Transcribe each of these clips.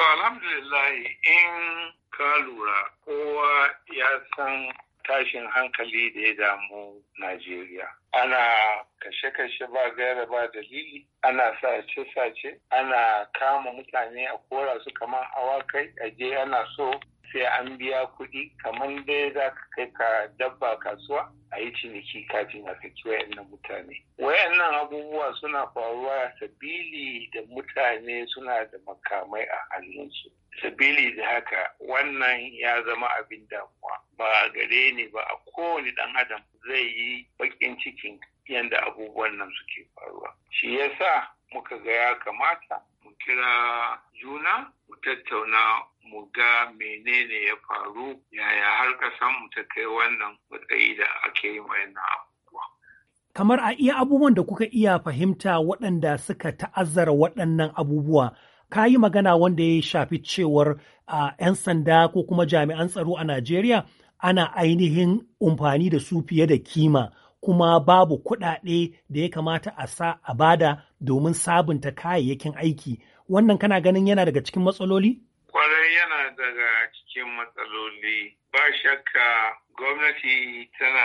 alhamdulillah in ka lura kowa ya san tashin hankali da ya damu Najeriya. Ana kashe-kashe ba gaira ba dalili, ana sace-sace, ana kama mutane a kora su kamar awakai, a je ana so sai an biya kuɗi kamar dai za ka kai ka dabba kasuwa a yi ciniki kafin a saki wayannan mutane wayannan abubuwa suna faruwa sabili da mutane suna da makamai a hannunsu sabili da haka wannan ya zama abin damuwa ba a gare ni ba a kowane ɗan adam zai yi baƙin cikin yadda abubuwan nan suke faruwa shi yasa muka ga ya kamata kira juna mu tattauna mu ga menene ya faru yaya har kasan mu ta kai wannan matsayi da ake yi wayannan abubuwa. Kamar a iya abubuwan da kuka iya fahimta waɗanda suka ta'azzara waɗannan abubuwa ka yi magana wanda ya shafi cewar a 'yan sanda ko kuma jami'an tsaro a Najeriya ana ainihin umfani da su fiye da kima kuma babu kuɗaɗe da ya kamata a sa a bada domin sabunta kayayyakin aiki wannan kana ganin yana daga cikin matsaloli? Kwarai yana daga cikin matsaloli ba shakka gwamnati tana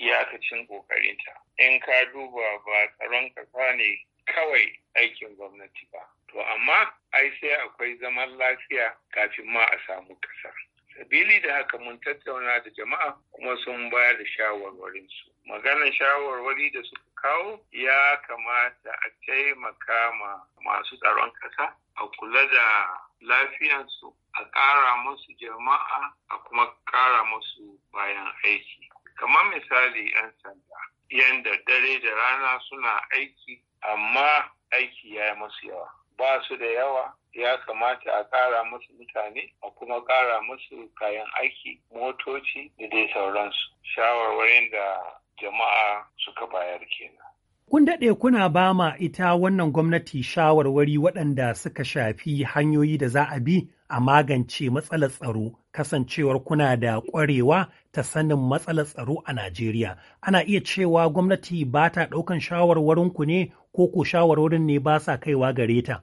iyakacin ƙoƙarinta. In ka duba ba tsaron kasa ne kawai aikin gwamnati ba. To amma ai sai akwai zaman lafiya kafin ma a samu ƙasa. sabili da haka mun tattauna da jama'a kuma sun bayar da shawarwarinsu maganar shawarwari da suka kawo ya kamata a taimaka ma masu tsaron ƙasa a kula da lafiyansu a ƙara musu jama'a a kuma ƙara musu bayan aiki kamar misali 'yan sanda yanda dare da rana suna aiki amma aiki ya yi masu yawa ba su da yawa ya kamata a ƙara musu mutane a kuma ƙara musu kayan aiki motoci da dai sauransu shawarwarin da jama'a suka bayar kenan. Kun daɗe kuna ba ma ita wannan gwamnati shawarwari waɗanda suka shafi hanyoyi da za a bi a magance matsalar tsaro kasancewar kuna da ƙwarewa ta sanin matsalar tsaro a Najeriya. Ana iya cewa gwamnati ba ta ɗaukan shawarwarinku ne ko ko shawarwarin ne ba sa kaiwa gare ta.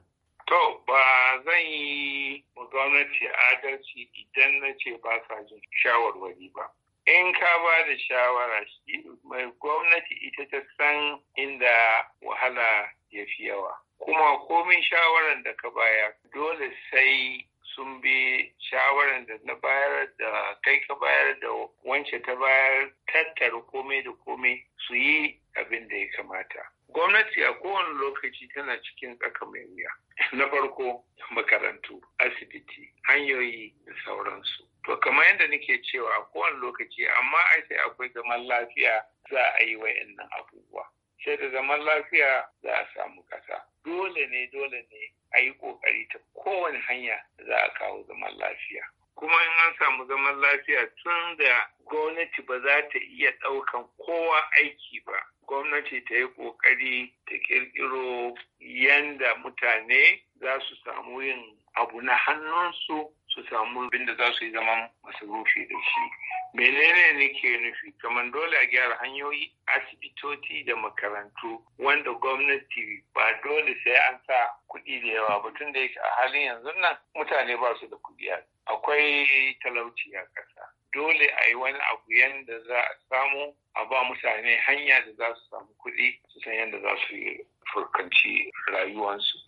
gwamnati adalci idan na ce ba sa jin shawarwari ba. In ka ba da shawara shi mai gwamnati ita ta san inda wahala ya fi yawa. Kuma komin shawaran da ka baya dole sai sun bi shawaran da na bayar da kai ka bayar da wance ta bayar tattara komai da komai su yi abin da ya kamata. gwamnati a kowane lokaci tana cikin tsaka mai wuya na farko makarantu asibiti hanyoyi da sauransu to kamar yadda nake cewa a kowane lokaci amma ai sai akwai zaman lafiya za a yi wa'annan abubuwa sai da zaman lafiya za a samu kasa dole ne dole ne a yi kokari ta kowane hanya za a kawo zaman lafiya kuma in an samu zaman lafiya tun da gwamnati ba za ta iya ɗaukan kowa aiki ba gwamnati ta yi ƙoƙari ta ƙirƙiro yanda mutane za su samu yin abu na hannunsu su samu da za su yi zaman masarufi da shi menene ne ke nufi kamar dole a gyara hanyoyi asibitoci da makarantu wanda gwamnati ba dole sai an sa kuɗi da yawa ba tun da yake a halin yanzu nan mutane ba su da kuɗi akwai talauci a ƙasa dole a yi wani abu yadda za a samu a ba mutane hanya da za su samu kuɗi su san yadda za su yi furkanci rayuwansu